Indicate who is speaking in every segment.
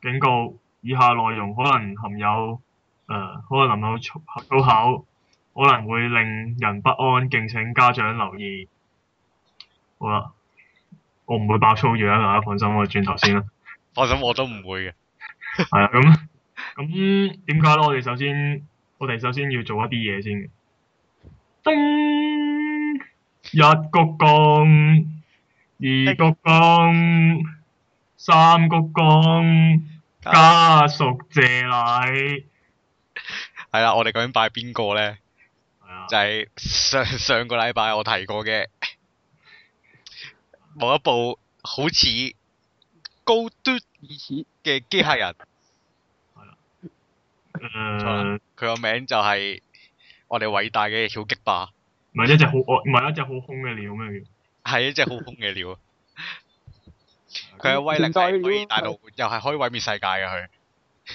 Speaker 1: 警告：以下內容可能含有誒、呃，可能有粗粗口可能會令人不安，敬請家長留意。好啦，我唔會爆粗語啊，大家放心。我轉頭先啦。放心， 我都唔會嘅。係啊，咁咁點解咧？我哋首先，我哋首先要做一啲嘢先。叮！一鞠躬，二鞠躬。三鞠躬，家屬謝禮。
Speaker 2: 係啦、啊，我哋究竟拜邊個咧？是啊、就係上上個禮拜我提過嘅，某一部好似高端嘅機械人。錯啦、啊，佢、嗯、個、嗯、名字就係我哋偉大嘅小擊霸」不是，唔
Speaker 1: 係一隻好唔
Speaker 2: 係一隻好空嘅鳥咩？係一隻好空嘅鳥。
Speaker 1: 佢嘅威力可以大到
Speaker 2: 又係可以毀滅世界嘅佢。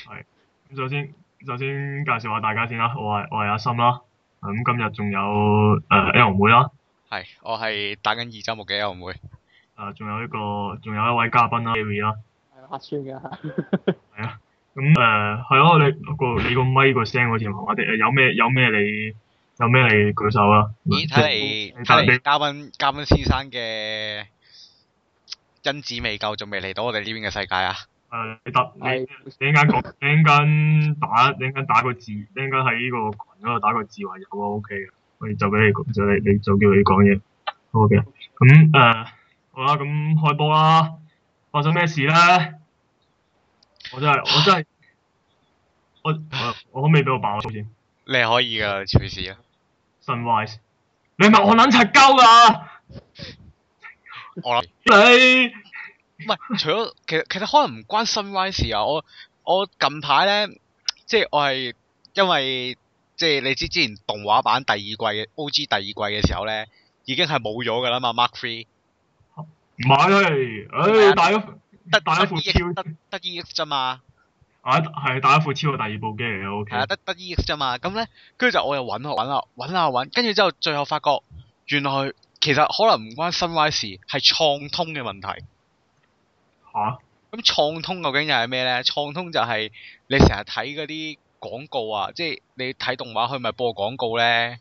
Speaker 1: 係咁，首先首先介紹下大家先啦，我係我係阿森啦。咁、嗯、今日仲有誒、呃、L 妹啦。係，我
Speaker 2: 係打緊二週目嘅 L 妹。
Speaker 1: 誒、呃，仲有一個，仲有一位嘉賓啦，Gary 啦。係客串㗎。係 Gary，係啊，咁誒係咯，你個你個咪個聲好似麻麻啲，誒有咩有咩你有咩你舉手啊？咦，睇嚟睇嚟嘉賓
Speaker 2: 嘉賓先生嘅。因子未夠，仲未嚟到我哋呢邊嘅世界
Speaker 1: 啊！誒、呃，你得你你一陣講，你一陣打，你一陣打個字，你一陣喺呢個群嗰度打個字話有，啊 OK 嘅，可就俾你，就你你就叫你講嘢，OK。咁、嗯、誒、呃，好啦，咁開波啦，發生咩事咧？我真係我真係 我我我可唔可以俾我爆我先，
Speaker 2: 你可以噶，隨時啊。
Speaker 1: 神話，你唔係我諗拆交噶。我諗你唔係除咗其實其實可
Speaker 2: 能唔關 Sunrise 事啊，我我近排咧即係我係因為即係你知之前動畫版第二季 O G 第二季嘅時候咧已經係冇咗噶啦嘛 Mark Three
Speaker 1: 唔係誒，
Speaker 2: 得得 E X 咋嘛？係係大一副超嘅，啊，第二部機嚟嘅 O K 係得得 E X 咋嘛？咁咧，跟住就我又揾揾啦，揾啦，揾，跟住之後最後發覺原來。其實可能唔關 Sunrise 事，係創通嘅問題。嚇、啊？咁創通究竟又係咩咧？創通就係你成日睇嗰啲廣告啊，即係你睇動畫佢咪播廣告咧，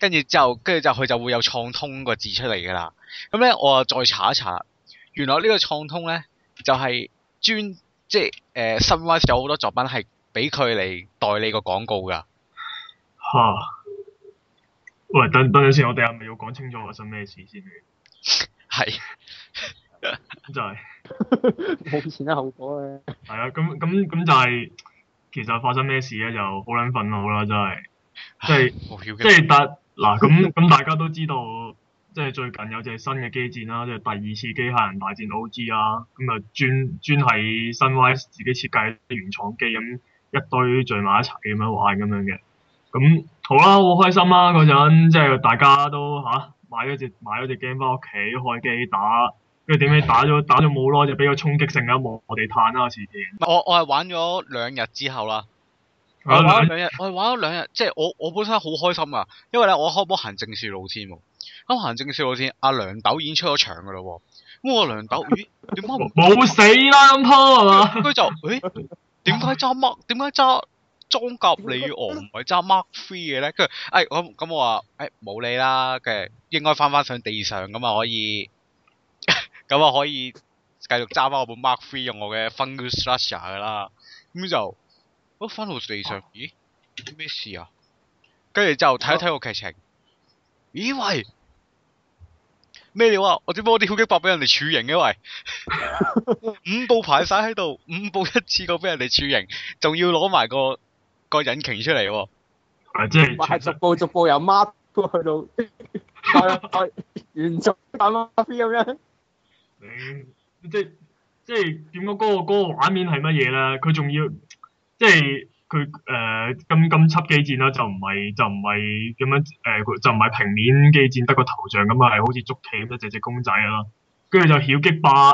Speaker 2: 跟住之後跟住就佢就，就會有創通個字出嚟㗎啦。咁咧，我啊再查一查，原來個創呢個創通咧就係、是、專即係誒 Sunrise 有好多作品係俾佢嚟代理個廣告㗎。嚇、
Speaker 1: 啊！喂，等等陣先，我哋係咪要講清楚發生咩事先？係是， 就係冇前後果嘅。係啊，咁咁咁就係、是，其實發生咩事咧，就好撚憤怒啦，真係，即
Speaker 2: 係即係大嗱咁咁，大
Speaker 1: 家都知道，即係最近有隻新嘅機戰啦，即、就、係、是、第二次機械人大戰 O.G. 啦、啊，咁、嗯、啊專專喺新 Y 自己設計原廠機咁一堆聚埋一齊咁樣玩咁樣嘅，咁。好啦、啊，好開心啦、啊！嗰陣即係大家都吓、啊、買咗隻買咗隻 game 翻屋企開機打，跟住點解打咗打咗冇耐就比較衝擊性啊，我我哋嘆啦時
Speaker 2: 啲。我我係玩咗兩日之後啦，
Speaker 1: 啊、我玩咗
Speaker 2: 兩日，啊、我係玩咗兩日，即係我我本身好開心噶，因為咧我可唔可行正事路先？咁行正事路先阿梁斗已經出咗場噶啦，咁我梁斗咦
Speaker 1: 點解冇死啦咁多？
Speaker 2: 佢就誒點解揸乜？點解揸？ 裝甲3呢，你、哎、我唔係揸 Mark Free 嘅咧，跟、哎、住，誒，咁咁我話，誒，冇理啦，嘅，住應該翻翻上地上，咁啊可以，咁啊可以繼續揸翻我本 Mark Free 用我嘅 Finger Slash 噶啦，咁就，我、啊、翻到地上，咦，咩事啊？跟住就睇一睇個劇情，咦喂，咩料啊？我點解啲好幾百俾人哋處刑嘅喂？ 五步排晒喺度，五步一次過俾人哋處刑，仲要攞埋個。個引擎出嚟、喔，
Speaker 1: 係、啊、新逐
Speaker 2: 步逐步由 mark g 去到，係係完
Speaker 1: 再打孖飛咁樣，誒，即係即係點講？嗰個嗰個畫面係乜嘢咧？佢仲要即係佢誒，今今集機戰啦，就唔係就唔係咁樣誒，就唔係、呃、平面機戰得個頭像咁啊，係好似捉棋咁，隻隻公仔啦，跟住就曉擊霸，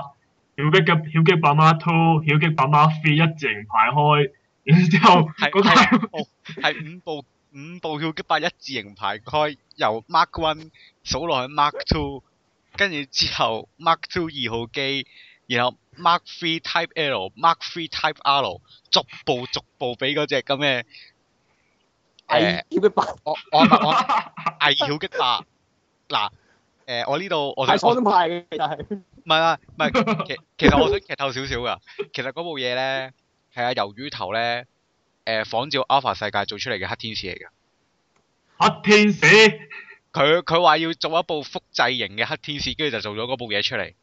Speaker 1: 曉擊嘅曉擊霸 mark two，曉擊霸 mark three 一直排開。然之後係五部，係
Speaker 2: 五部五部曉擊八一字形排開，由 Mark One 數落去 Mark Two，跟住之後 Mark Two 二號機，然後 Mark Three Type L、Mark Three Type R，逐步逐步俾嗰隻咁嘅誒曉擊八，我我我，誒曉擊八嗱，誒、呃、我呢度我係 我新派嘅，但係唔係唔係，其 其實我想劇透少少噶，其實嗰部嘢咧。係啊，魷魚頭咧，誒、呃，仿照 Alpha 世界做出嚟嘅黑天使嚟嘅。黑天使。佢佢話要做一部複製型嘅黑天使，跟住就做咗嗰部嘢出嚟。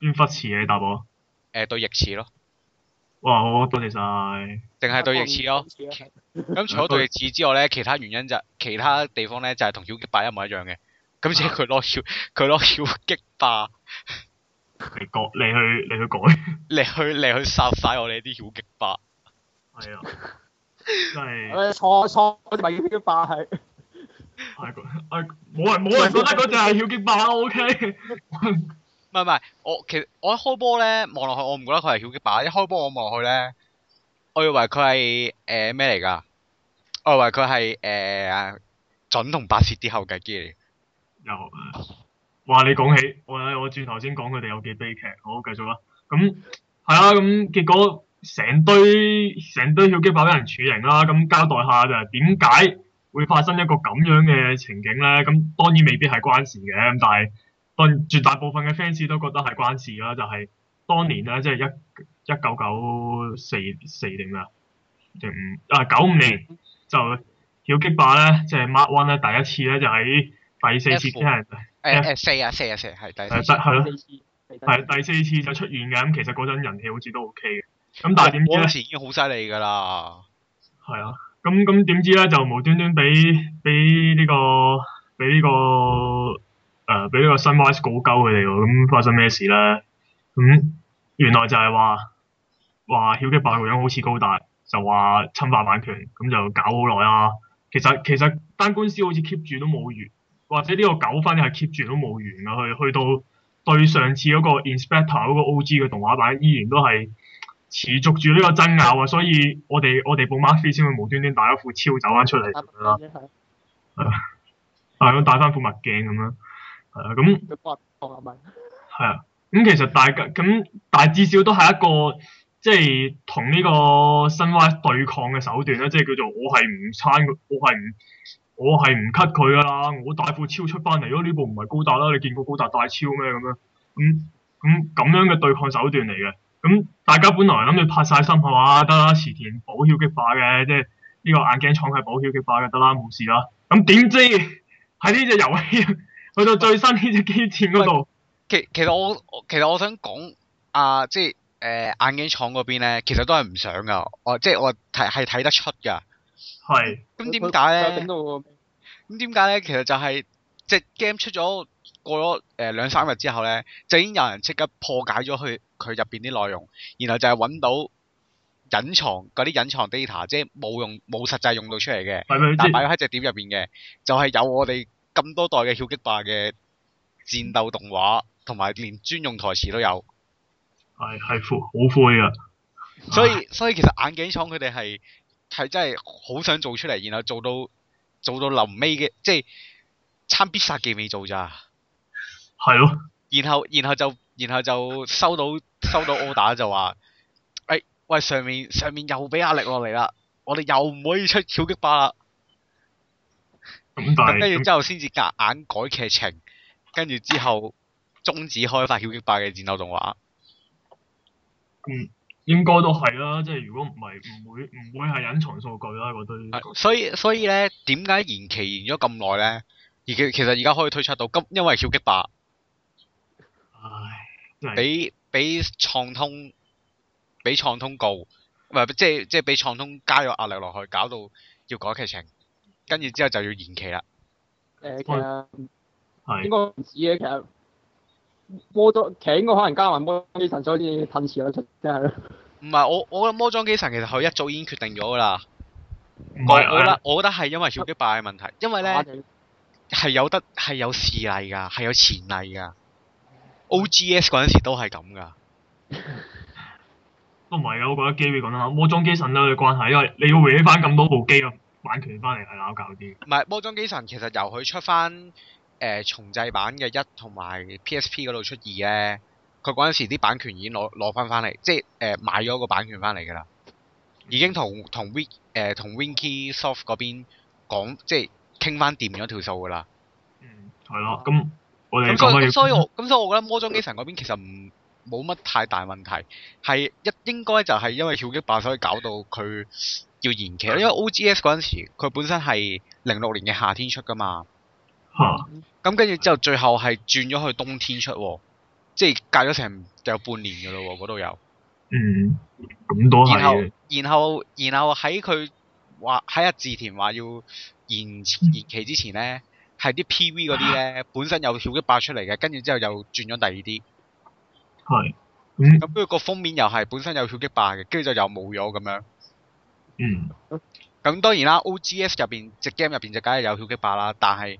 Speaker 1: 邊忽詞嘅答我？
Speaker 2: 誒、呃，對翼翅咯。
Speaker 1: 哇，好多謝晒。淨係對翼翅咯。咁、嗯、除咗對翼翅
Speaker 2: 之外咧，其他原因就其他地方咧就係同小激霸一模一樣嘅。咁即佢攞小佢攞小激霸。 你改，你去，你去改， 你去，你去殺晒我哋啲曉極霸，係啊、 哎，真
Speaker 1: 係錯錯，我哋咪曉極霸係，係個，冇人冇人覺得嗰隻係曉極霸 OK，唔係
Speaker 2: 唔係，我其實我一開波咧望落去，我唔覺得佢係曉極霸，一開波我望落去咧，我以為佢係誒咩嚟噶我以為佢係誒准同百舌啲後繼機嚟，
Speaker 1: 有 話你講起，我我轉頭先講佢哋有幾悲劇，好繼續啦。咁係啊，咁結果成堆成堆曉擊爆俾人處刑啦。咁交代下就係點解會發生一個咁樣嘅情景咧？咁當然未必是關係關事嘅，咁但係，當然絕大部分嘅 fans 都覺得是關係關事啦。就係、是、當年咧，即、就、係、是、一一九九四四定啊，五啊九五年就曉擊爆咧，即、就、係、是、Mark One 咧，第一次咧就喺、是、第四次。先係。誒、欸欸、四啊四啊四啊，係第四次，係咯、啊，係第四次就出現嘅咁，其實嗰陣人氣好似都 OK 嘅。
Speaker 2: 咁但係點知咧？嗰時已
Speaker 1: 經好犀利㗎啦。係啊，咁咁點知咧？就無端端俾俾呢個俾呢、這個誒俾呢個 Sunrise 搞鳩佢哋喎。咁發生咩事咧？咁、嗯、原來就係話話曉傑爸個樣好似高達，就話侵犯版權，咁就搞好耐啦。其實其實單官司好似 keep 住都冇完。或者呢個糾紛係 keep 住都冇完啊，去去到對上次嗰個 Inspector 嗰個 O.G. 嘅動畫版依然都係持續住呢個爭拗啊，所以我哋我哋布馬菲先會無端端戴一副超走翻出嚟，係啦，係啊、嗯，咁戴翻副墨鏡咁啦，係啊咁，係啊，咁、嗯嗯嗯嗯嗯、其實大家咁，但係至少都係一個即係同呢個新威對抗嘅手段啦，即係叫做我係唔參，我係唔。我係唔 cut 佢噶啦，我大副超出翻嚟咯。呢部唔係高達啦，你見過高達大超咩咁樣？咁咁咁樣嘅對抗手段嚟嘅，咁大家本來諗住拍晒心係嘛，得啦，池田保囂激化嘅，即係呢個眼鏡廠係保囂激化嘅，得啦，冇事啦。咁點知喺呢隻遊戲去到最新呢隻機戰嗰度，其
Speaker 2: 其實我其實我想講啊、呃，即係誒、呃、眼鏡廠嗰邊咧，其實都係唔想噶，我即係我睇係睇得出噶。
Speaker 1: 係，咁點解咧？
Speaker 2: 咁點解咧？其實就係即係 game 出咗過咗誒兩三日之後咧，就已經有人即刻破解咗佢佢入邊啲內容，然後就係搵到隱藏嗰啲隱藏 data，即係冇用冇實際用到出嚟嘅，但係擺喺隻碟入邊嘅，就係、是就是、有我哋咁多代嘅《曉擊霸》嘅戰鬥動畫，同埋連專用台詞都有。
Speaker 1: 係係好灰啊！的
Speaker 2: 所以所以其實眼鏡廠佢哋係。係真係好想做出嚟，然後做到做到臨尾嘅，即係差必殺技未做咋。
Speaker 1: 係
Speaker 2: 咯。然後然後就然後就收到 收到 order 就話，誒、欸、喂，上面上面又俾壓力落嚟啦，我哋又唔可以出曉擊霸啦。
Speaker 1: 咁
Speaker 2: 但係。跟住之後先至夾硬改劇情，跟住之後終止開發曉擊霸嘅戰鬥動畫。
Speaker 1: 嗯。應該都係啦、啊，即係如果唔係，唔會唔會係隱藏數據啦、啊。我覺得。所以所以
Speaker 2: 咧，點解延期延咗咁耐咧？而其其實而家可以推測到今，因為超激八》唉，俾俾被是創通，俾創通告，唔、呃、即係即俾創通加咗壓力落去，搞到要改劇情，跟住之後就要延期啦。
Speaker 1: 誒、呃，其實應該
Speaker 2: 唔止嘅，其實其實應該可能加埋魔力神，所以滯遲咗出，即唔係我，我覺得魔裝機神其實佢一早已經決定咗噶啦。唔係是我覺得，我覺得係因為小機版嘅問題，啊、因為咧係有得係有示例噶，係有前例噶。O G S 嗰陣時都係咁噶。
Speaker 1: 都唔係啊！我覺得機比講得啱，魔裝機神啦，嘅關係，因為你要搲翻咁多部機咯，版權翻嚟係攪搞啲。
Speaker 2: 唔係魔裝機神，其實由佢出翻誒、呃、重製版嘅一同埋 P S P 嗰度出二咧。佢嗰陣時啲版權已經攞攞翻翻嚟，即係誒、呃、買咗個版權翻嚟㗎啦，已經同同 Wink、呃、同 Winkysoft 嗰邊講，即係傾翻掂咗條數㗎啦、嗯。嗯，係咯、嗯，
Speaker 1: 咁我哋咁所以，嗯、所以所以我
Speaker 2: 咁所，所以我覺得魔裝機神嗰邊其實唔冇乜太大問題，係一應該就係因為跳擊霸所以搞到佢要延期，的因為 O.G.S 嗰陣時佢本身係零六年嘅夏天出㗎嘛。咁跟住之後，嗯嗯嗯、最後係轉咗去冬天出喎。即係隔咗成就有半年嘅咯，嗰度有。嗯，
Speaker 1: 咁都係。然後
Speaker 2: 然後然後喺佢話喺日治田話要延延期之前咧，係啲 P.V. 嗰啲咧本身有小擊霸出嚟嘅，跟住之後又轉咗第二啲。係、嗯。咁跟住個封面又係本身有小擊霸嘅，跟住就又冇咗咁樣。嗯。咁當然啦，O.G.S 入邊隻 game 入邊就梗係有小擊霸啦，但係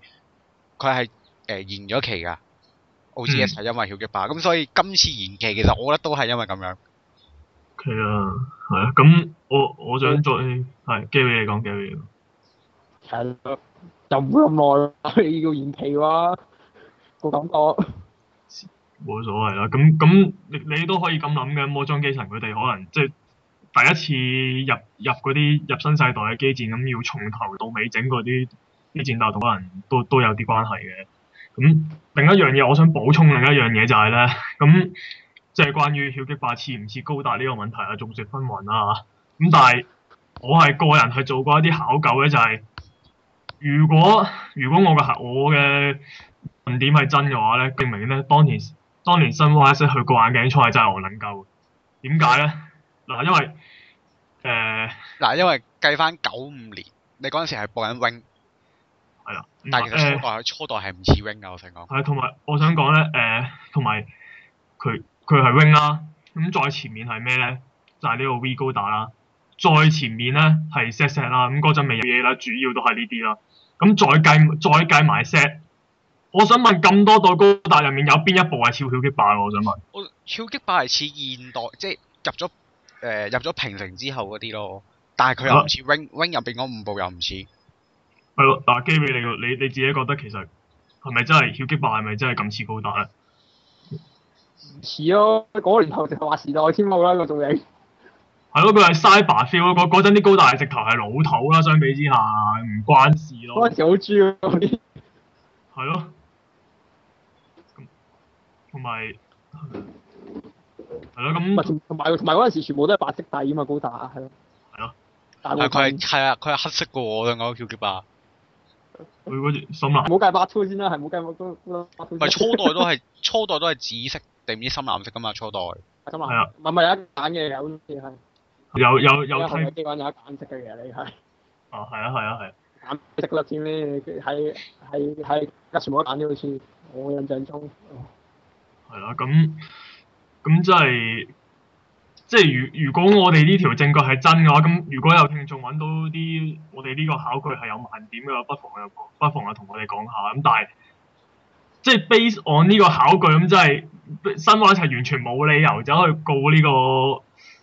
Speaker 2: 佢係誒延咗期噶。好似一齊因為曉嘅吧，咁所以今次延期其實我覺得都係因為咁樣。
Speaker 1: 係啊、okay，係啊，咁我我想再係，講幾嘢講幾嘢。係啊，你你就唔會咁耐啦。你要延期喎，個感覺。冇所謂啦，咁咁你你都可以咁諗嘅。魔裝機神佢哋可能即係第一次入入嗰啲入新世代嘅機戰，咁要從頭到尾整嗰啲啲戰鬥，可能都都有啲關係嘅。咁另一樣嘢，我想補充另一樣嘢就係、是、咧，咁即係關於曉擊霸似唔似高達呢個問題啊，眾說紛紜啦。咁但係我係個人去做過一啲考究咧、就是，就係如果如果我嘅我嘅論點係真嘅話咧，證明咧當年當年新 YS 去過眼鏡賽真係我能夠。點解咧？嗱、啊，因為誒嗱，呃、因為計翻九五年，你嗰陣時係
Speaker 2: 播緊 Wing。係啦，但係其實初代、呃、初代係唔似 wing 嘅，我想講。係，同埋我想講咧，
Speaker 1: 誒、呃，同埋佢佢係 wing 啦，咁、啊、再前面係咩咧？就係、是、呢個 V 高達啦、啊，再前面咧係 set set 啦，咁嗰陣未有嘢啦，主要都係呢啲啦。咁再計再計埋 set，我想問咁多代高達入面有邊一部係超級激霸？我想問。
Speaker 2: 我超級激霸係似現代，即係入咗誒、呃、入咗平成之後嗰啲咯，但係佢又唔似 wing wing 入面嗰五部又唔似。係
Speaker 1: 咯，嗱，基、啊、偉，你你你自己覺得其實係咪真係小擊敗係咪真係咁似高達咧？唔
Speaker 2: 似咯，嗰、那個、年頭直頭係時代天幕啦，嗰種嘢。
Speaker 1: 係咯，佢係 cyber feel 嗰陣啲高達直頭係老土啦，相比之下唔關事咯。嗰陣時好 G 咯，嗰啲。 係咯。同埋。係咯，咁嗰陣時全部都係白色大啊嘛，高達係咯。係了啊。
Speaker 2: 但係佢係啊，佢係黑色噶喎，兩、那個小擊敗。
Speaker 1: 佢嗰隻深藍，冇
Speaker 2: 好計白灰先啦，係冇好計乜都白灰。唔係初代？都係初代，都係紫色定唔知深藍色噶嘛初代，深
Speaker 1: 藍。係啊，唔係啊，蛋嘅有好似係。
Speaker 2: 有有有。有啲
Speaker 1: 機關有一揀色嘅嘢你睇。哦，係啊，係啊，
Speaker 2: 係、啊。揀色啦先咧，喺喺喺一時冇得揀好似，我印象中。
Speaker 1: 係、哦、啊，咁咁真係。即係如如果我哋呢條證據係真嘅話，咁如果有聽眾揾到啲我哋呢個考據係有盲點嘅，不妨又不妨又同我哋講下。咁但係即係 based on 呢個考據咁，真係新華一齊完全冇理由走去告呢個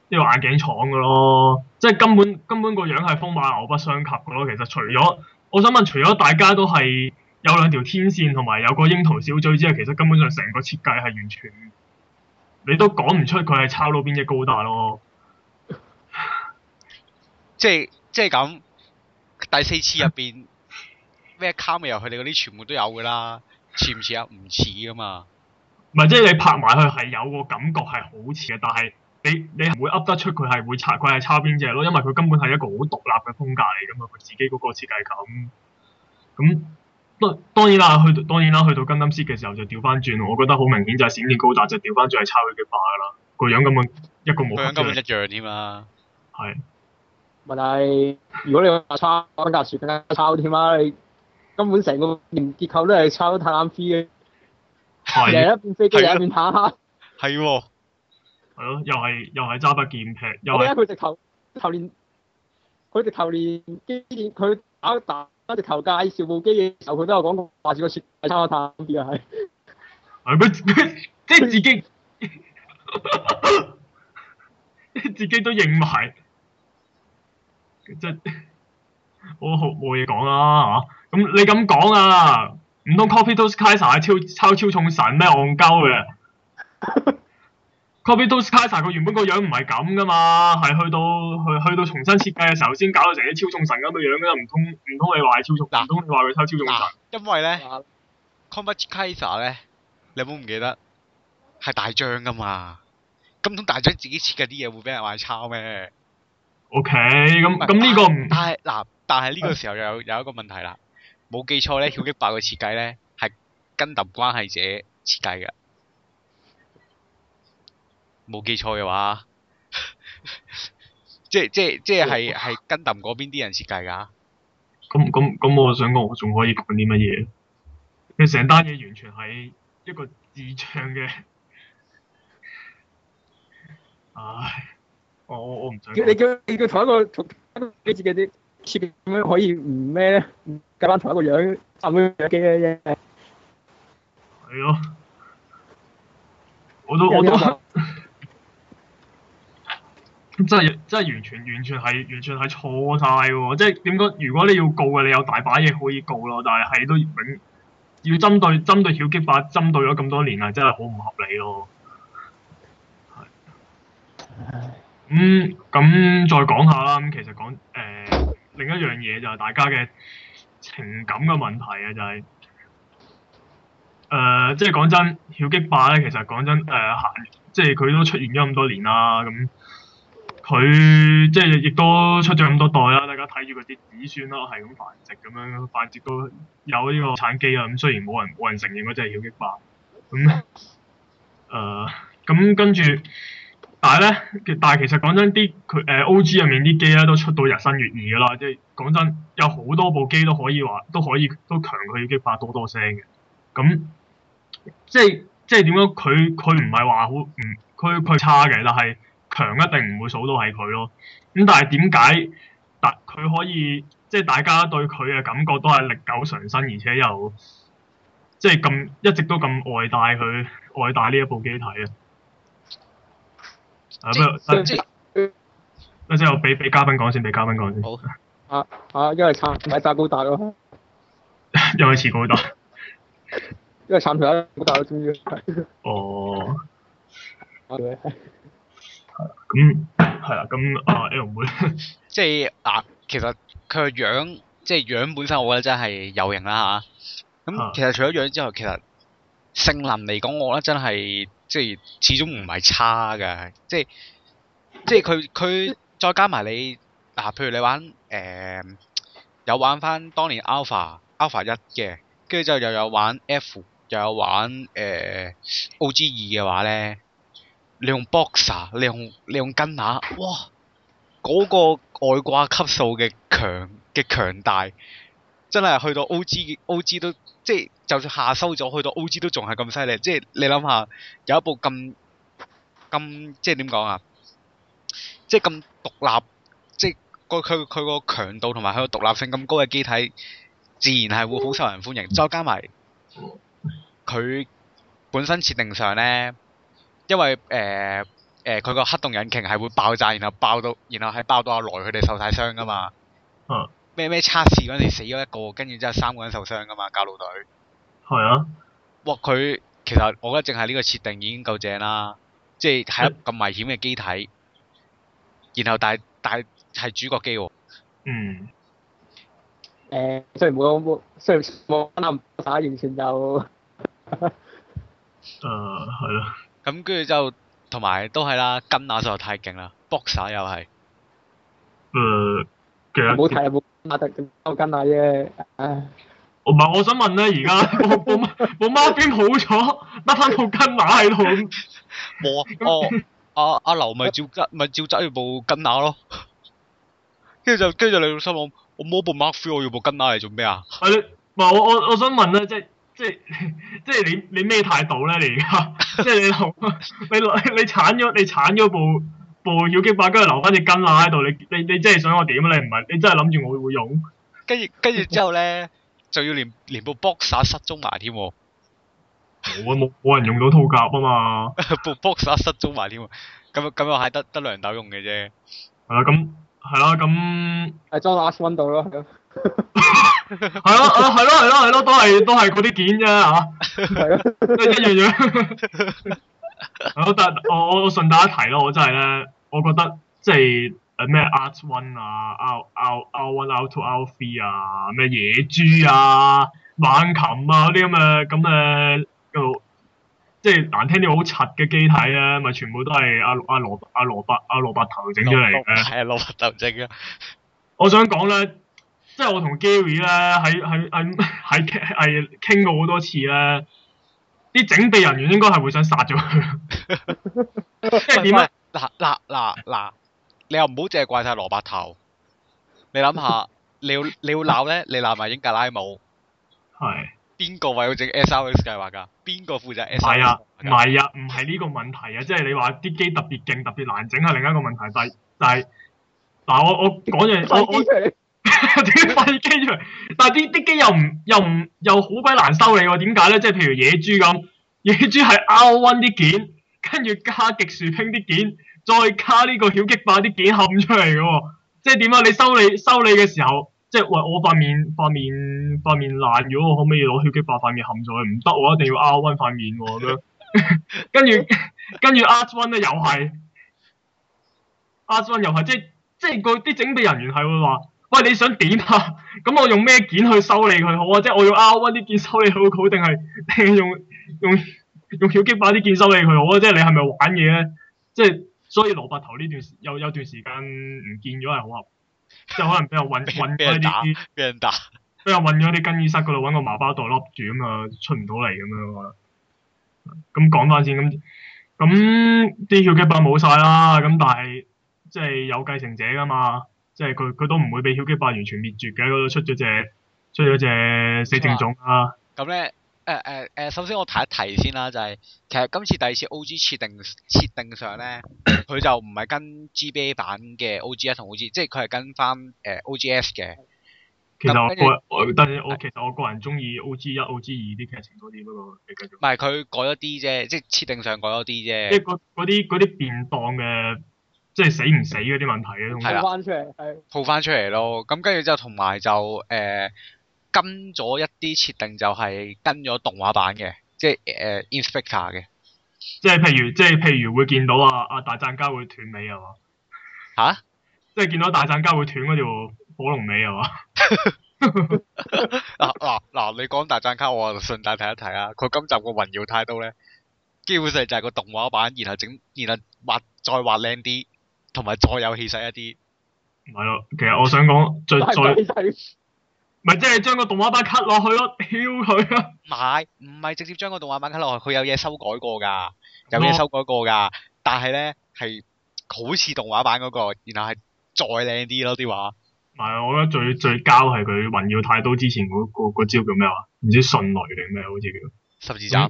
Speaker 1: 呢個眼鏡廠嘅咯。即係根本根本個樣係風馬牛不相及嘅咯。其實除咗我想問，除咗大家都係有兩條天線同埋有，有個櫻桃小嘴之外，其實根本上成個設計係完全。你都講唔出佢係抄到邊隻高達咯。即，即係即係咁第四次入
Speaker 2: 邊咩卡咪佢哋嗰啲全部都有噶啦，似唔似啊？唔似噶嘛。
Speaker 1: 唔係即係你拍埋去係有個感覺係好似嘅，但係你你唔會噏得出佢係會抄佢係抄邊隻咯，因為佢根本係一個好獨立嘅風格嚟噶嘛，佢自己嗰個設計感，咁、嗯。當當然啦，去當然啦，去到金金師嘅時候就調翻轉，我覺得好明顯就係閃電高達就調翻轉係抄佢嘅爸噶啦，個樣根本一個冇。個樣根本一樣添啦。係的。咪但係如果你話抄格樹嘅，更加
Speaker 2: 抄添啦，你根本成個連結構都係抄坦克飛嘅。係。成一邊飛機，一邊坦克
Speaker 1: 係喎。係咯，又係又係揸把劍劈，
Speaker 2: 又係。佢直頭？佢直頭連機佢打。打我直頭介紹部機嘅時候，佢都有講過話自己設計差咗淡啲啊，係係咩？
Speaker 1: 即係 自己， 自己都認埋，真係我好冇嘢講啦吓。咁你咁講啊？唔通 Cofitosa 係超超超重神咩？戇鳩嘅。 c o b e d o s Kaiser 佢原本個樣唔係咁噶嘛，係去到去去到重新設計嘅時候先搞到成啲超重神咁嘅樣啦，唔通唔通你話
Speaker 2: 超,喇超重神？唔通你話佢抄超重神？因為咧 Cobertos Kaiser 咧，你有冇唔記得係大張噶嘛？咁通大張自己設計啲嘢會俾人話抄咩？O K，咁咁呢個唔但嗱，但係呢個時候又有、啊、有一個問題啦，冇記錯咧， 曉億爆嘅設計咧係 Gundam 關係者設計嘅。冇記錯嘅話，即即即係係跟冧嗰邊啲人設計㗎。咁
Speaker 1: 咁咁，我想講，我仲可以講啲乜嘢？你成單嘢完全係一個智障嘅。唉，我我唔想你叫你叫同一個同同一個機設計啲設計咁樣可以唔咩咧？唔夾翻同一個樣，冧嘅嘢。係咯、哦，我都我都。真係，即係完全、完全係、完全係錯晒喎！即係點講？如果你要告嘅，你有大把嘢可以告咯。但係喺都永要，要針對針對曉擊霸針對咗咁多年啊，真係好唔合理咯。咁咁、嗯、再講下啦。咁其實講誒另一樣嘢就係大家嘅情感嘅問題啊，就係誒即係講真，曉擊霸咧，其實講、呃就是呃、真誒、呃、即係佢都出現咗咁多年啦，咁、嗯。佢即係亦都出咗咁多代啦，大家睇住佢啲子孫啦，係咁繁殖咁樣繁殖到有呢個產機啊！咁雖然冇人冇人承認嗰隻小激霸咁，誒咁跟住，但係咧、嗯呃，但係其實講真啲，佢、呃、OG 入面啲機咧都出到日新月異噶啦！即係講真，有好多部機都可以話都可以都強佢小激霸多多聲嘅，咁、嗯、即係即係點講？佢佢唔係話好唔佢佢差嘅，但係。強一定唔會數到係佢咯，咁但係點解？但佢可以即係大家對佢嘅感覺都係歷久常新，而且又即係咁一直都咁愛戴佢，愛戴呢一部機體啊！啊不如，啊先我俾俾嘉賓講先，俾嘉賓講先
Speaker 2: 好。好啊啊，因為撐唔係大高達
Speaker 1: 咯， 因為似高達，因為撐其他高達都中意。哦。 係咁，係啦咁啊！L 妹，即係、
Speaker 2: 就是、啊，其實佢個樣，即、就、係、是、樣本身，我覺得真係有型啦吓。咁、啊、其實除咗樣之外，其實性能嚟講，我覺得真係即係始終唔係差噶，即係即係佢佢再加埋你啊，譬如你玩誒、呃，有玩翻當年 Alpha, Alpha Alpha 一嘅，跟住之後就又有玩 F，又有玩誒、呃、OG 二嘅話咧。你用 boxer，你用你用 gunner，哇！嗰個外掛級數嘅強嘅強大，真係去到 O.G. O.G. 都即係就算下收咗，去到 O.G. 都仲係咁犀利。即係你諗下，有一部咁咁即係點講啊？即係咁獨立，即係佢佢個強度同埋佢個獨立性咁高嘅機體，自然係會好受人歡迎。再加埋佢本身設定上咧。因為誒誒佢個黑洞引擎係會爆炸，然後爆到然後喺爆到阿雷佢哋受晒傷噶嘛。咩咩測試嗰陣時候死咗一個，跟住之後三個人受傷噶嘛，教路隊。係啊。哇、呃！佢其實我覺得淨係呢個設定已經夠正啦，即係喺咁危險嘅機體，欸、然後但但係主角機喎、啊。嗯。
Speaker 1: 誒、
Speaker 2: uh,，雖然冇咁，雖然冇咁難打，完全就。誒，係咯。咁跟住就同埋都係啦，金馬就太勁啦，boxer
Speaker 1: 又係，唔
Speaker 2: 好
Speaker 1: 睇啊，冇金馬啫，唔係我想問咧，而家我我我媽邊好咗，乜攤到金馬喺度咁，冇啊，哦，
Speaker 2: 阿阿劉咪照執咪照執住部金馬咯，跟住就跟住你老細我我摸部 mark feel，我要部金馬嚟做咩啊？
Speaker 1: 係，唔係我我我想問咧，即係。即係即係你你咩態度咧？你而家 即係你留你你鏟咗你鏟咗部部耀激跟住留翻隻根乸喺度。你你你真係想我點？你唔係你真係諗住我會用？跟住跟住
Speaker 2: 之後咧， 就要連連部 boxer 失蹤埋添。冇冇冇人用到套夾啊嘛！ 部 boxer 失蹤埋添啊！咁咁又係得得兩斗用嘅啫。
Speaker 1: 係啦、啊，咁係啦，咁係裝 touch w i n 係咯，係咯，係 咯樂，係咯，都係都係嗰啲件啫吓，都 一樣一樣。係咯，但我我順帶一提咯，我真係咧， 我覺得即係誒咩 Art One 啊，Out Out Out One Out Two Out Three 啊，咩野豬啊、猛禽 啊嗰啲咁嘅咁嘅，即係、就是就是、難聽啲好柒嘅機體啊，咪全部都係阿阿羅阿羅伯，阿羅伯頭整出嚟誒，係阿羅伯頭整嘅。我想講咧。即係我同 Gary 咧喺喺喺傾係傾過好多次咧，啲整備人員應該係會想殺咗佢。 即係點
Speaker 2: 啊？嗱嗱嗱嗱，你又唔好淨係怪晒蘿蔔頭。你諗下，你要你要鬧咧，你鬧埋英格拉姆。
Speaker 1: 係是。
Speaker 2: 邊個為咗整 SRS 計劃㗎？邊個負責 S？係啊，
Speaker 1: 係啊，唔係呢個問題啊！即係你話啲機特別勁、特別難整係另一個問題，但係但係嗱，我我講嘢，啲廢機出嚟， 但係啲啲機又唔又唔又好鬼難收你喎？點解咧？即係譬如野豬咁，野豬係 r one 啲件，跟住加極樹拼啲件，再加呢個血擊霸啲件冚出嚟噶。即係點啊？你收你修理嘅時候，即係喂，我塊面塊面塊面爛咗，我，我可唔可以攞血擊霸塊面冚咗佢？唔得，我一定要 r one 塊面咁樣。跟住跟住 r one 咧，又係 r one 又係，即係即係啲整備人員係會話。喂，你想點啊？咁我用咩件去修理佢好啊？即係我用阿威啲件修理好佢，定係定係用用用小擊棒啲件修理佢好啊？即係你係咪玩嘢咧？即係所以蘿蔔頭呢段有有段時間唔見咗係好合，即係 可能俾人運運咗啲，俾人打俾人打，俾人運咗啲更衣室嗰度揾個麻包袋笠住咁啊，出唔到嚟咁樣啊！咁講翻先，咁咁啲小擊棒冇晒啦，咁但係即係有繼承者噶嘛？即係佢佢都唔會俾小機霸完全滅絕嘅，佢出咗隻出咗隻死正種、嗯、呢啊！咁咧誒誒誒，首先我提一提先啦，就係、
Speaker 2: 是、其實今次第二次 O G 設定設定上咧，佢就唔係跟 G B A 版嘅、呃、O G 一同 O G，即係佢係跟翻誒 O G s 嘅。
Speaker 1: 其實我我但是其實我個人中意 O G 一 O G 二啲劇情多啲，不過你繼續。唔係佢
Speaker 2: 改咗啲啫，即係設定上改咗啲啫。
Speaker 1: 即係嗰啲啲變動嘅。即係死唔死嗰啲問題嘅，
Speaker 2: 同翻、 啊、出嚟，套翻出嚟咯。咁、呃、跟住之後，同埋就誒跟咗一啲設定，就係跟咗動畫版嘅，即係誒、呃、Inspector
Speaker 1: 嘅。即係譬如，即係譬如會見到阿、啊、阿大讚加會斷尾係嘛？吓、啊？即係見到大讚加會斷嗰條火龍尾係
Speaker 2: 嘛？嗱嗱，你講大讚加，我就順帶睇一睇啊！佢今集個雲繞態度咧，基本上就係個動畫版，然後整，然後畫再畫靚啲。同埋再有氣勢一啲，唔係咯，其
Speaker 1: 實我想講最最，咪即係將個動畫版 cut 落去咯，挑佢啊，唔
Speaker 2: 係！唔係，唔係直接將個動畫版 cut 落去，佢有嘢修改過噶，有嘢修改過噶，啊、但係咧係好似動畫版嗰、嗰個，然後係再靚啲咯啲話。
Speaker 1: 唔係，我覺得最最膠係佢魂繞太刀之前嗰個招叫咩話？唔知迅雷定咩？好似叫十字斬、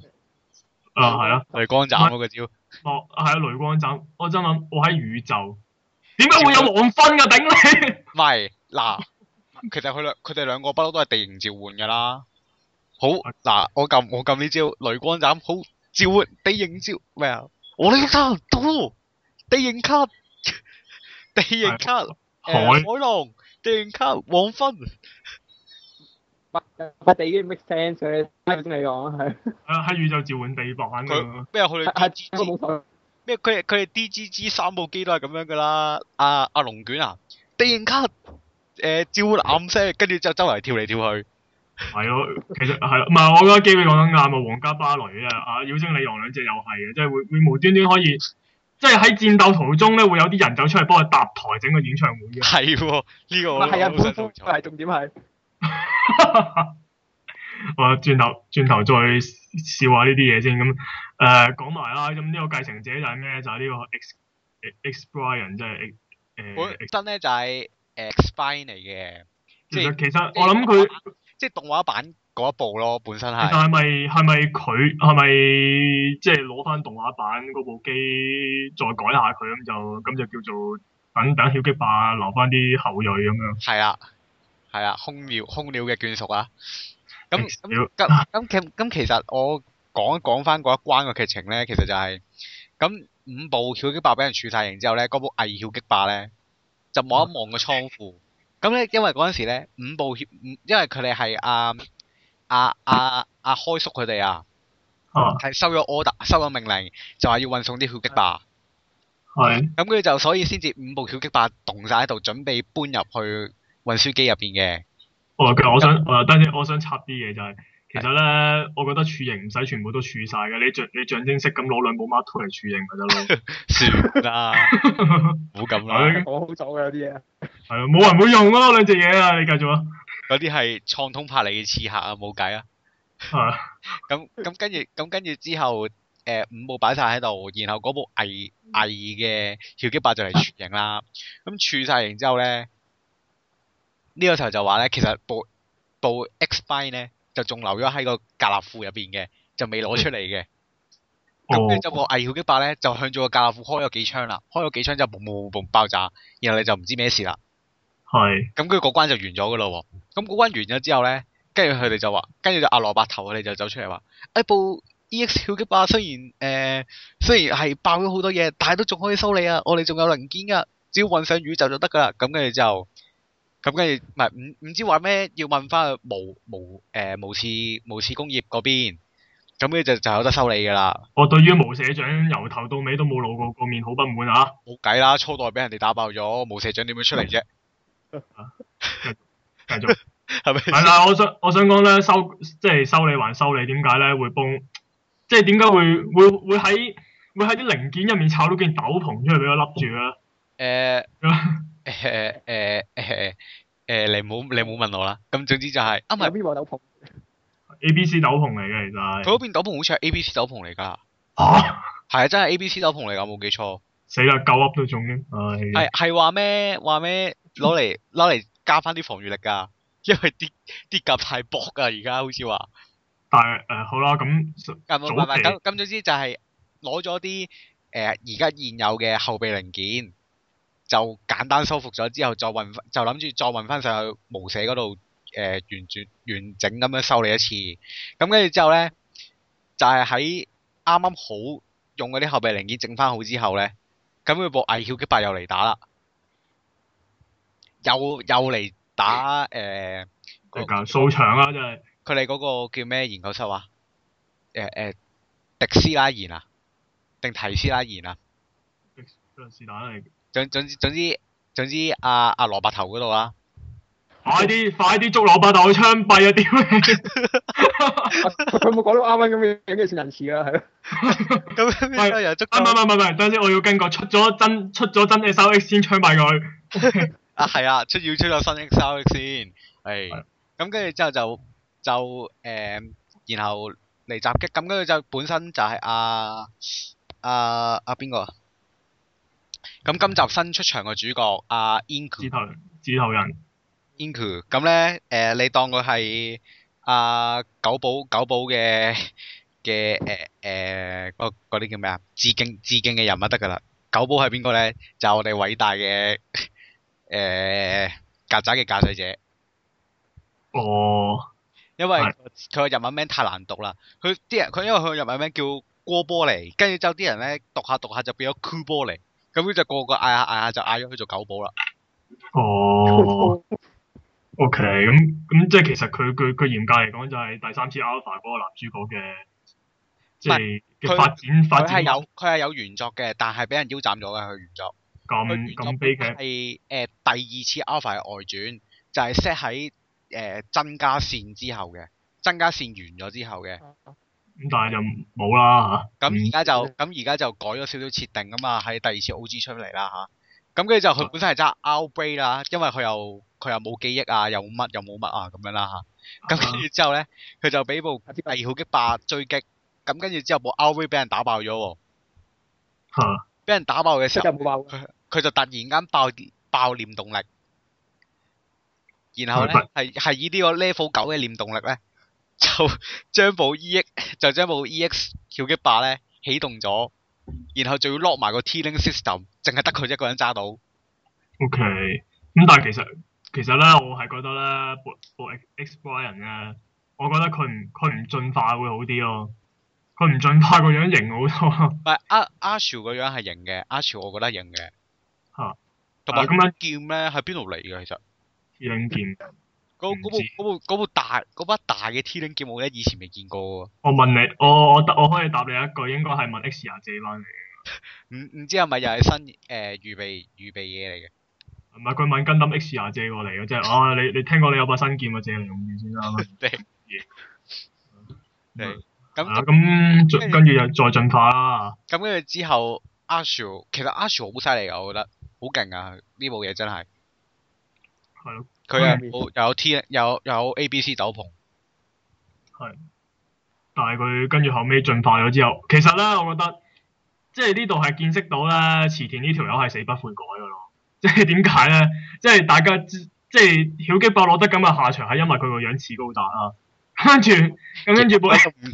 Speaker 2: 嗯。啊，係啊，雷光斬嗰
Speaker 1: 個招。哦，係啊！雷光斬，我真諗我喺宇宙，點解會有黃昏嘅、啊、頂你？
Speaker 2: 唔係嗱，其實佢兩佢哋兩個不嬲都係地形召喚噶啦。好嗱，我撳我撳呢招雷光斬，好召喚地形召咩啊？我呢個差唔多地形卡，地形卡，是呃、海海龍地形卡，黃昏。地獄 mixtape 妖
Speaker 1: 精李陽啊，係啊喺宇宙召喚地榜
Speaker 2: 不咩佢哋？咩佢哋佢哋 DGG 三部機都係咁樣噶啦。阿阿龍捲啊，
Speaker 1: 地、啊、形、啊、
Speaker 2: 卡誒召暗聲，跟、呃、住就周圍跳嚟跳去。
Speaker 1: 係咯，其實係唔係我覺得機會講得啱啊，皇家芭蕾啊，啊妖精李陽兩隻又係嘅，即係會會無端端可以，即係喺戰鬥途中咧會有啲人走出嚟幫佢搭台整個演唱會嘅。係喎，呢、這個係啊，冇錯的，係重點係。 我轉頭轉頭再笑下呢啲嘢先，咁誒，講埋啦。咁呢個繼承者就係咩？就係、是、呢個 X X f i r e 人即係誒、呃、本
Speaker 2: 身咧就係 X p i n e 嚟嘅，即係是其實我
Speaker 1: 諗佢即係動畫版嗰一部咯，本身係，但係咪係咪佢係咪即係攞翻動畫版嗰部機再改下佢，咁就咁就叫做等等小擊霸，留翻啲後裔咁樣，係啊。係啦，空鳥空鳥嘅
Speaker 2: 眷屬啊。咁咁咁咁其咁其實我講一講翻嗰一關嘅劇情咧，其實就係、是、咁五部曉擊霸俾人處死刑之後咧，嗰部偽曉擊霸咧就望一望個倉庫。咁咧、哦，因為嗰陣時咧五部因為佢哋係阿阿阿阿開叔佢哋啊，係、哦、收咗 order，收咗命令，就話要運送啲曉擊霸。係、哦。咁佢就所以先至五部曉擊霸動晒喺度，準備搬入去，運輸機入邊嘅，哦，
Speaker 1: 我想，我等陣，我想插啲嘢就係、是，其實咧，是的 我覺得處刑唔使全部都處晒嘅，你象你象徵式咁攞兩部馬推嚟處刑咪得咯，算啦， 唔好咁啦，我好早有啲嘢，係咯，冇人會用咯，兩隻嘢啊，你繼續啊，嗰啲係創
Speaker 2: 通派嚟嘅刺客啊，冇計啊，係是的， 咁咁跟住咁跟住之後，誒、呃，五部擺晒喺度，然後嗰部艾矮嘅喬基八就嚟處刑啦，咁處晒刑之後咧。呢個時候就話咧，其實部部 X 兵咧就仲留咗喺個格納庫入邊嘅，就未攞出嚟嘅。咁跟住就部艾小擊八咧就向咗個格納庫開咗幾槍啦，開咗幾槍之後嘣嘣嘣爆炸，然後你就唔知咩事啦。係。咁跟住個關就完咗噶啦，咁個關完咗之後咧，跟住佢哋就話，跟住就阿蘿蔔頭他們，佢哋就走出嚟話，誒、哎、部 E X 小擊八雖然誒、呃、雖然係爆咗好多嘢，但係都仲可以收你啊，我哋仲有零件噶、啊，只要運上宇宙就得噶啦，咁跟住之後。咁跟住，唔係唔唔知話咩？要問翻去無無誒無視無視工業嗰邊，咁咧就就有得修理噶啦。我對於無
Speaker 1: 社長由頭到尾都冇露過個面，好不滿啊！冇計啦，初代俾人哋打爆咗，無社長點會出嚟啫、嗯啊？繼續，係咪？係 啦，我想我想講咧，修即係修理還修理，點解咧會幫？即係點解會會會喺會喺啲零件入面炒到件斗篷出嚟俾我笠住啊？誒、呃。
Speaker 2: 誒誒誒誒誒，你唔好你唔好問我啦。咁總之就係、是，
Speaker 1: 啊唔係 A B C 斗篷。A B C 斗篷嚟嘅，其實係，佢
Speaker 2: 嗰邊斗篷好似係 A B C 斗篷嚟噶。啊？係啊，真係 A B C 斗篷嚟噶，冇記錯。
Speaker 1: 死啦，鳩噏都仲要，係係
Speaker 2: 話咩？話咩？攞嚟攞嚟加翻啲防禦力噶，因為啲啲甲太薄噶而家好似話。
Speaker 1: 但係誒、呃、好啦，咁
Speaker 2: 總期總之就係攞咗啲誒而家現有嘅後備零件。就簡單修復咗之後，再運就諗住再運翻上去無社嗰度，誒，完全完整咁樣修理一次。咁跟住之後咧，就係喺啱啱好用嗰啲後備零件整翻好之後咧，咁佢部艾曉機八又嚟打啦，又又嚟打誒，即係掃場啦，就係佢哋嗰個叫咩研究室啊？誒、呃、誒，迪斯拉賢啊，定提斯拉賢啊？迪斯是但總總之總之總之阿阿蘿蔔頭嗰度啦，
Speaker 1: 快啲快啲捉蘿蔔頭去槍斃啊！點咧？佢冇講到啱啱咁樣，梗係算人事啦，係咯。咁咩人捉？唔唔唔唔，等陣先，我要經過出咗針出咗針 X O X 先槍斃佢。
Speaker 2: 啊係啊，出要出咗新 X O X 先，係咁跟住之後就就誒，然後嚟襲擊，咁跟住就本身就係阿阿阿邊個？咁今集新出場嘅主角阿 Ink 字頭字頭人 Ink 咁咧，誒、呃、你當佢係阿九寶九寶嘅嘅誒誒嗰啲叫咩啊？致敬致敬嘅人物得㗎喇。九寶係邊個咧？就係，我哋偉大嘅誒曱甴嘅駕駛者。哦，因為佢個是日文名太難讀啦。佢啲人佢因為佢個日文名叫過玻璃，跟住就啲人咧讀下讀下就變咗 Cool 玻璃。咁就個個嗌下嗌下就嗌咗去做
Speaker 1: 九寶啦。哦。OK，咁咁即係其實佢佢佢嚴格嚟講就係第三次 Alpha 嗰個男主角嘅，即係嘅發展發展。佢係有
Speaker 2: 佢係有原作嘅，但係俾人腰斬咗嘅佢原作。咁咁悲嘅。係誒原第、呃、第二次 Alpha 外傳，就係 set 喺誒增加線之後嘅，增加線完咗之後嘅。嗯。
Speaker 1: 咁但係就冇啦嚇。咁而家就
Speaker 2: 咁而家就改咗少少設定啊嘛，喺第二次 O.G. 出嚟啦嚇。咁跟住就佢本身係揸 R.V. 啦，rain，因為佢又佢又冇記憶啊，又冇乜，又冇乜啊咁樣啦嚇。咁跟住之後咧，佢就俾部第二號擊霸追擊，咁跟住之後部 R.V. 俾人打爆咗喎。嚇、啊！俾人打爆嘅時候，佢就，就突然間爆爆念動力，然後咧係係以呢個 Level 九嘅念動力咧。就將部 E 就將部 EX 喬擊八咧起動咗，然後仲要 lock 埋個 T Link System，淨係得佢一個人揸到。
Speaker 1: O K，咁但係其實其實咧，我係覺得咧部 X Brian 咧，我覺得佢唔佢唔進化會好啲咯、哦。佢唔進化個樣型好多、
Speaker 2: 哦，喎。唔係阿阿潮個樣係型嘅，阿潮我覺得型嘅。
Speaker 1: 嚇哈！同埋咁樣
Speaker 2: 劍咧喺邊度嚟嘅？其實。T Link 劍。嗰那部嗰部嗰部大嗰把大嘅天靈劍，我咧以前未見過喎。我問你，我我答，我可以答你一句，應該係問 X 借翻嚟，嗯。唔唔知係咪又係新誒預、呃、備預備嘢嚟嘅？
Speaker 1: 唔係佢問 Gundam X 借過嚟嘅，即係、哦、你你聽過你有把新劍啊？借嚟用先啱。對。對。咁咁跟住又再進化啦。
Speaker 2: 咁跟住之後，阿 shu 其實阿 shu 好犀利噶，我覺得好勁啊！呢部嘢真係。係咯。佢係、啊、有，有 T，有有 A、B、C 斗
Speaker 1: 篷，係，但係佢跟住後尾進化咗之後，其實咧，我覺得即係呢度係見識到咧，池田呢條友係死不悔改嘅咯。即係點解咧？即係大家即係曉擊爆落得咁嘅下場，係因為佢個樣似高達啊。跟住咁，跟住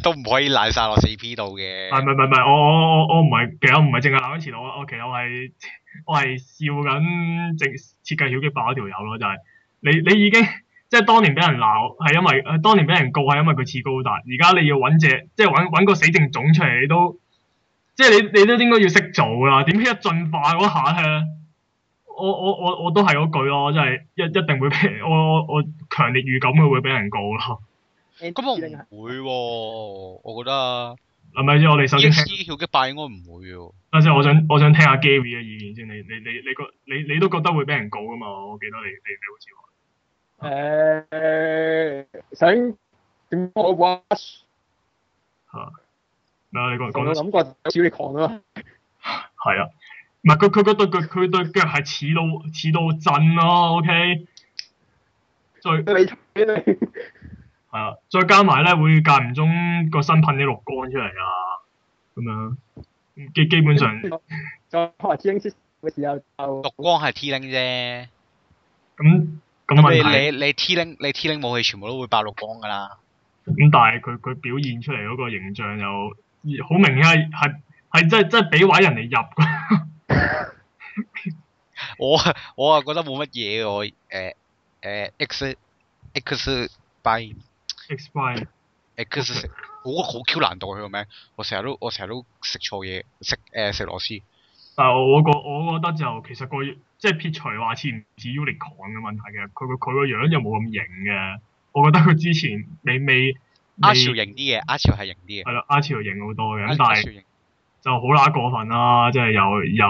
Speaker 1: 都唔可以賴晒落四 P 度嘅。唔係唔係唔係，我我我唔係，其實唔係淨係鬧緊池田，我其實我係我係笑緊，整設計曉擊爆嗰條友咯，就係、係。你你已經即係當年俾人鬧係因為，當年俾人告係因為佢似高達。而家你要揾隻，即係揾揾個死剩種出嚟，你都即係、就是、你你都應該要識做㗎啦。點知一進化嗰下咧？我我我我都係嗰句咯，真係一一定會俾我我我強烈預感佢會俾人告咯。咁我唔會喎，我覺得係咪先？我哋首先聽，依斯遜嘅拜安唔會喎。等我想我想聽下 Gary 嘅意見先。你你你你覺你你都覺得會俾人告噶嘛？我記得你你你好似誒，醒點我 watch 吓，啊，你講講咗，我諗過小力狂啊？係啊，唔係佢佢佢對腳佢對腳係似到似到震咯，OK，再你係啊，再加埋咧會間唔中個身噴啲綠光出嚟啊，咁樣基基本上，
Speaker 2: 再開 T 零 C 嘅時候就綠光係 T 零啫，咁。
Speaker 1: 咁你你
Speaker 2: 你 T 零你 T 零武器全部都會爆露
Speaker 1: 光噶啦。咁但係佢佢表現出嚟嗰個形象又好明顯係係係真係真係俾壞人哋入的 我。
Speaker 2: 我我啊覺得冇乜嘢我誒誒、呃呃、X X by
Speaker 1: X by
Speaker 2: X 我好 Q 難度佢個名，我成日都我成日都食錯嘢食誒食螺絲。
Speaker 1: 但我個我覺得就其實，嗰個即係撇除話似唔似 Unicorn 嘅問題嘅，佢個佢個樣又冇咁型嘅。我覺得佢之前你未，未阿潮型啲嘅，阿潮係型啲嘅。係咯，阿潮型好多嘅咁，但係就好乸過分啦！即係有有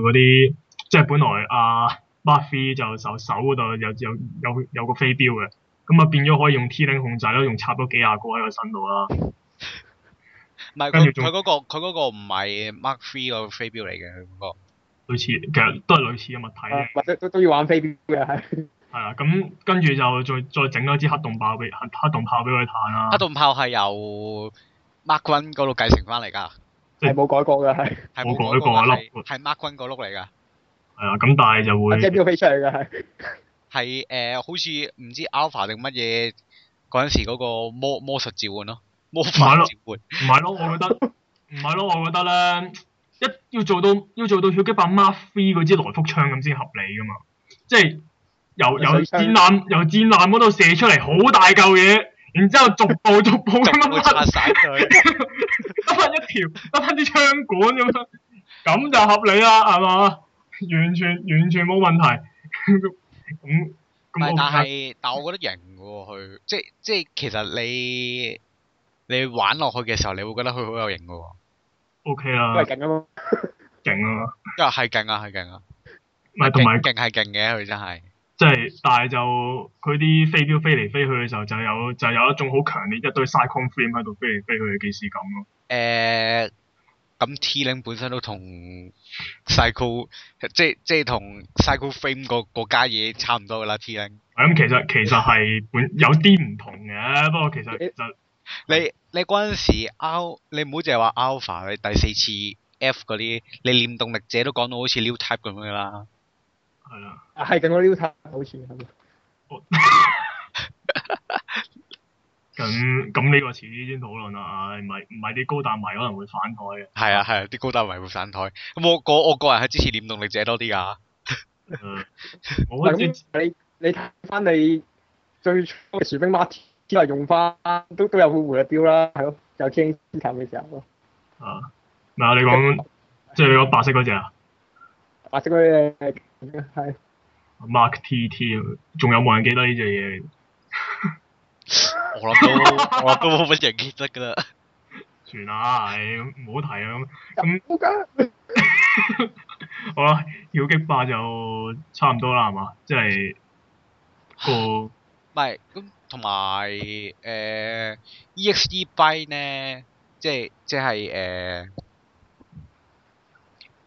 Speaker 1: 嗰啲即係本來阿、啊、m a r f y 就手手嗰度有有有有個飛鏢嘅，咁啊變咗可以用 T-Link 控制囉，用插咗幾廿個喺佢身度啦。 唔係佢嗰個佢嗰
Speaker 2: 個唔係 Mark Three 個飛鏢嚟嘅佢嗰個，類
Speaker 1: 似其實都係類似嘅物體，或者、啊、都都要玩飛鏢嘅係。係啊，咁跟住就再再整咗支黑洞炮俾黑洞炮俾佢彈啊！黑洞炮係由 Mark One 嗰度繼承翻嚟㗎，係冇改過㗎係。冇改過
Speaker 2: 啊！係 Mark One 個碌嚟㗎。係啊
Speaker 1: 的，咁但係就會。飛出嚟㗎係。
Speaker 2: 係、呃、好似唔知 Alpha 定乜嘢嗰陣時嗰個魔魔術召喚咯。唔係咯，唔係
Speaker 1: 咯，我覺得唔係咯，我覺得咧，一要做到要做到血肌把 mark three 嗰支來福槍咁先合理噶嘛，即係由戰艦 由戰艦由戰艦嗰度射出嚟好大嚿嘢，然之後逐步逐步咁樣甩，甩一條甩啲槍管咁樣，咁就合理啦，係嘛？完全完全冇問題。咁 唔但係
Speaker 2: 但我覺得贏過，佢即係即係其實你。你玩落去嘅時候，你會覺得佢好有型噶喎、哦。O K
Speaker 1: 啦，喂，勁啊，勁
Speaker 2: 啊，一係勁啊，係勁啊，
Speaker 1: 唔係同埋
Speaker 2: 勁係勁嘅，佢真係。即
Speaker 1: 係、就是，但係就佢啲飛鏢飛嚟飛去嘅時候，就有就有一種好強烈一堆 Silicon Frame 喺度飛嚟飛去嘅既視感咯。誒，
Speaker 2: 咁、欸、T-Link 本身都同 Silicon 即係同 Silicon Frame 個個家嘢差唔多噶啦。T-Link 咁、嗯、其實其實係本有啲唔同嘅，不過其實其實。欸你你嗰陣時 R，你唔好淨係話 Alpha，你第四次 F 嗰啲，你念動力者都講到好似 new type 咁樣噶啦，係啦、啊，係咁個 new type 好似，
Speaker 1: 咁咁呢個遲啲先討論啦，唉，唔係唔係啲高達迷可能會反台
Speaker 2: 嘅，係啊係啊、啲、啊、高達迷會反台，咁我個我，我個人係支持念動力者多啲噶，咁你你睇翻，你最初嘅士兵之後用翻，都都有會回嘅標啦，係咯，有 change 慘嘅時候
Speaker 1: 啊，嗱你講，即係嗰白色嗰隻啊？
Speaker 2: 白色
Speaker 1: 嗰隻係 Mark TT，仲有冇人記得呢隻嘢？我我都冇乜認得噶啦。算啦、啊，唉、哎，唔好提啦、啊，咁唔 好噶。好啦，妖精霸就差唔多啦，係嘛？即、就、係、是、個
Speaker 2: 係咁。 同埋誒 EXE by 咧，即係，即係，誒、呃，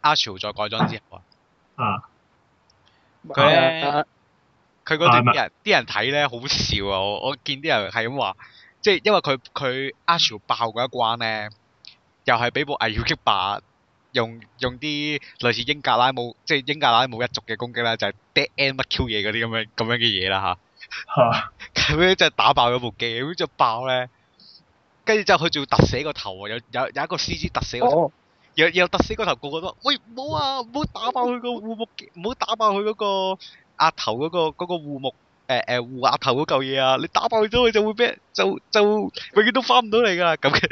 Speaker 2: 阿潮再改裝之
Speaker 1: 後的啊，
Speaker 2: 啊！佢咧，佢嗰啲人啲人睇咧好笑啊！我我見啲人係咁話，即係因為佢佢阿潮爆嗰一關咧，又係俾部危險擊霸用用啲類似英格拉姆即係英格拉姆一族嘅攻擊啦，就係 dead end 乜 Q 嘢嗰啲咁樣咁樣嘅嘢啦吓。啊。吓，咁 樣真係打爆咗部機，咁就爆咧。跟住之後佢仲要突死個頭啊！有有有一個 C G 突死個，哦、有有突死個頭，個個都話：喂，唔好啊，唔好打爆佢、嗰個護、嗰個嗰個、木，唔好打爆佢嗰個額頭嗰個嗰個護木誒誒護額頭嗰嚿嘢啊！你打爆咗佢就會咩？就就，就永遠都翻唔到嚟噶咁嘅。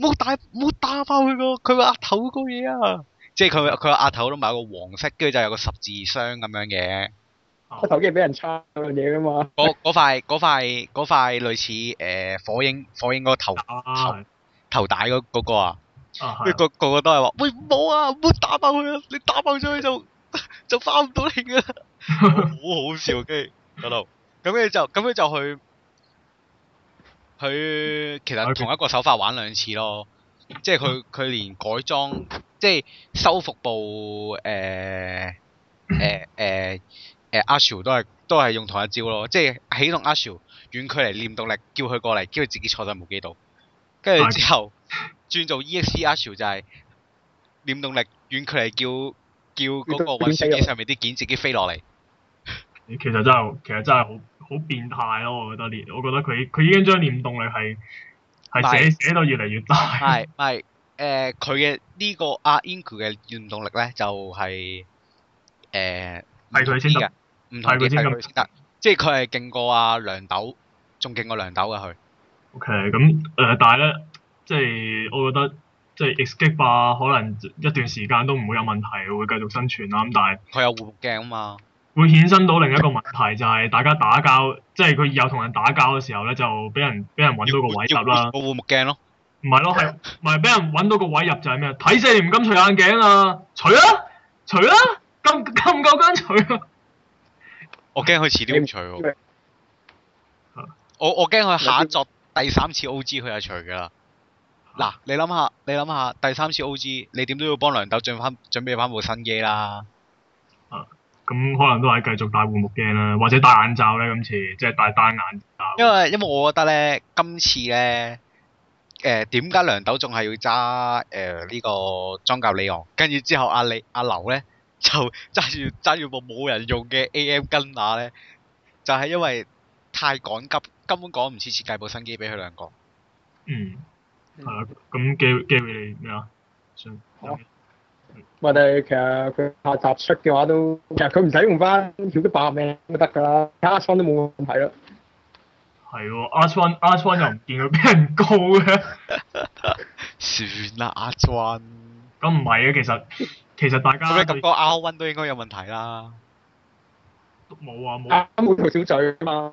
Speaker 2: 冇 打，冇打爆佢個佢個額頭嗰個嘢啊！即係佢佢個額頭都唔係有個黃色，跟住就有個十字傷，咁樣嘅。個
Speaker 1: 頭盔俾人叉嘢噶嘛？嗰
Speaker 2: 嗰塊嗰塊嗰塊類似誒火影，火影個頭頭頭帶嗰嗰個啊，跟住個個個都係話，喂，唔好啊，唔好打爆佢啊！你打爆咗佢就就翻唔到嚟噶。好 好笑，跟住嗰度，咁你就咁樣就去去其實同一個手法玩兩次咯，即係佢佢連改裝。即係收服部誒誒誒誒，阿 Sir 都係都係用同一招咯，即係起動阿 Sir 遠距離念動力叫佢過嚟，叫佢自己坐喺冇記度，跟住之後是的 轉做 EX 阿 Sir、啊、就係、是、念動力遠距離叫叫嗰個運算機上面啲劍自己飛落嚟。
Speaker 1: 其實真係其實真係好好變態咯，我覺得呢，我覺得佢佢已經將念動力係
Speaker 2: 係是的 寫寫到越嚟越大。係。誒佢嘅呢個阿 Inq 嘅原動力咧，就係誒係佢先得嘅，係佢先得咁，得得即係佢係勁過阿梁斗，仲勁過梁斗嘅佢。OK，
Speaker 1: 咁、嗯、誒、呃，但係咧，即係我覺得，即係 Escape 啊，可能一段時間都唔會有問題，會繼續生存啦。咁但係
Speaker 2: 佢有護目鏡啊嘛，
Speaker 1: 會衍生到另一個問題，就係、是、大家打交，即係佢有同人打交嘅時候咧，就俾人俾人揾到個位插啦。個護目鏡咯。唔係咯，係咪俾人揾到個位入就係咩？睇死你唔敢除眼鏡啊！除啊？除啊？咁夠唔夠敢除
Speaker 2: 啊！我驚佢遲啲唔除喎，我驚佢下一作第三次 O G 佢就除噶 啦。嗱，你
Speaker 1: 諗下，你諗下，第
Speaker 2: 三次 O G，你點都要幫梁豆準備準備翻部新機啦、啊。
Speaker 1: 咁、啊、可能都係繼續戴護目鏡啦、啊，或者戴眼罩咧？今次即係戴單眼
Speaker 2: 罩。因為因為我覺得咧，今次咧。誒，點解梁斗仲係要揸誒呢個裝甲李昂？跟住之後阿、啊、李阿、啊、劉咧就揸住揸住部冇人用嘅 AM 跟瓦咧，就係、是、因為太趕急，根本趕唔切設計部新機俾佢兩個。嗯、
Speaker 1: 係、嗯、啊，咁幾幾位咩啊？想
Speaker 2: 我哋其實佢下集出嘅話都，其實佢唔使用翻小吉八命都得㗎啦，睇下 f 都冇問題啦。
Speaker 1: 係喎，阿俊，阿俊又唔見佢俾人告嘅。算啦，阿俊。咁唔係嘅，其實其實大家。咁你感覺阿
Speaker 2: 俊都應該有問題啦。都冇啊，冇。
Speaker 1: 冇櫻桃小嘴啊嘛。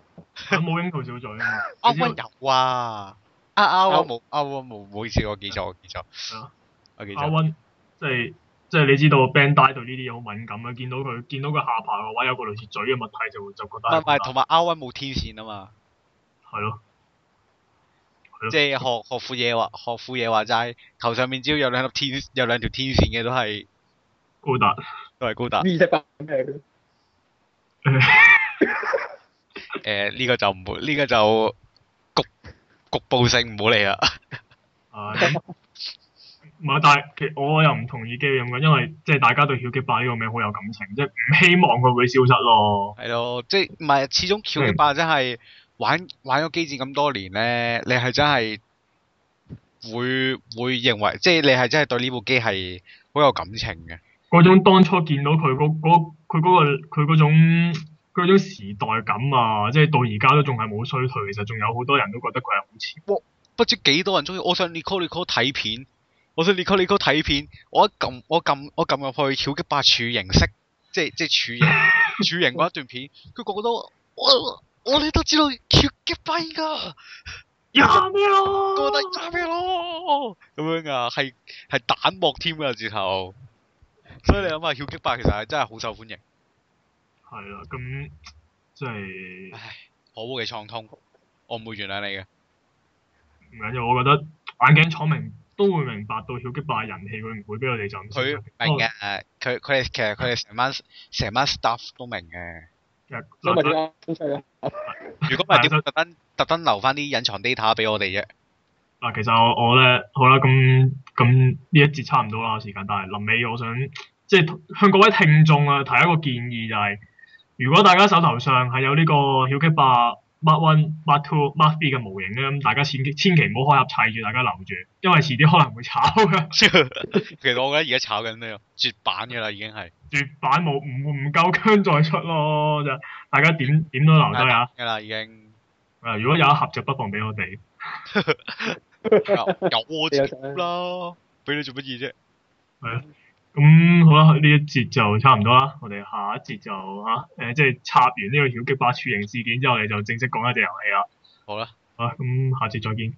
Speaker 1: 冇
Speaker 2: 櫻桃小嘴啊嘛。阿俊有。啊？阿阿俊冇阿俊冇，唔好意思，我記錯，啊。我記錯。阿俊即係即係你知道，Bandai
Speaker 1: 對呢啲有敏感啊！見到佢見到佢下巴嘅話，有個類似嘴嘅問題，就就覺得唔
Speaker 2: 係唔係，同埋阿俊冇天線啊嘛。係咯，即係學副嘢野話，學富野話齋，球上面只要有兩粒天，有兩條天線嘅都係高達，都係高達。
Speaker 1: 咩？
Speaker 2: 誒呢個就唔好，呢、這個就局局部性唔好嚟啊！啊，
Speaker 1: 唔 係、uh, 但係其實我又唔同意機嘅咁講，因為即係大家對小機霸」呢個名好有感情，即係唔希望佢會消失咯。係咯，即係唔
Speaker 2: 係始終小機霸」真係、嗯。玩玩咗機戰咁多年咧，你係真係會會認為，即係你係真係對呢部機係好有感情嘅。
Speaker 1: 嗰種當初見到佢嗰佢嗰個佢嗰種嗰種時代感啊，即係到而家都仲係冇衰退，其實仲有好多人都覺得佢係好似……不知幾
Speaker 2: 多人中意。我想你 call 你 call 睇片，我想你 call 你 call 睇片，我一撳我撳我撳入去《超級霸主》形式，即係即係《柱形柱形》嗰 一段片，佢個個
Speaker 1: 都。我哋都知道翹激拜噶，揸咩咯？到底揸咩咯？
Speaker 2: 咁樣噶，係係彈幕添啊！字頭，所以你諗下，翹激拜其實係真係好受歡迎。係
Speaker 1: 啦，咁即
Speaker 2: 係唉，可惡嘅暢通，我唔會原諒你嘅。唔
Speaker 1: 緊要，我覺得眼鏡廠明都會明白到翹激拜人氣，佢唔會俾我哋就唔識。佢明
Speaker 2: 嘅，佢佢哋其實佢哋成晚成晚 staff 都明嘅。如果唔係就特登特登留翻啲隱藏 data 俾我哋啫。
Speaker 1: 嗱，其實我，我呢，咧好啦，咁咁呢一節差唔多啦時間，但係臨尾我想即係向各位聽眾啊提一個建議，就係，就係如果大家手頭上係有呢個小企八。1 Mark One、Mark Two、Mark Three 嘅模型咧，咁大家千千祈唔好開盒砌住，大家留住，因為遲啲可能會炒噶。 其
Speaker 2: 實我覺得而家炒緊咩？絕絕版噶啦，已經係。
Speaker 1: 絕版冇唔唔夠薑再出咯，就大家點點都留低呀？係啦，已經。啊！如果有一盒，就不妨俾我哋。 有我鍋子啦，俾你做乜嘢啫？係啊。咁好啦，呢一節就差唔多啦，我哋下一節就嚇、呃，即係插完呢個小極八」處刑事件之後，我哋就正式講一隻遊戲啦。好啦吧，好啦，咁下節再見。